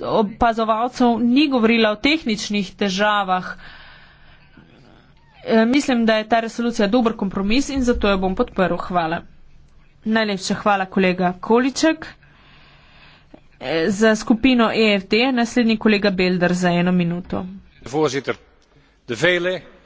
opazovalcev ni govorila o tehničnih težavah. E, mislim, da je ta resolucija dober kompromis in zato jo bom podprl. Hvala. Najlepša hvala, kolega Količek. E, za skupino EFT je naslednji kolega Belder za eno minuto. Voorzitter, de vele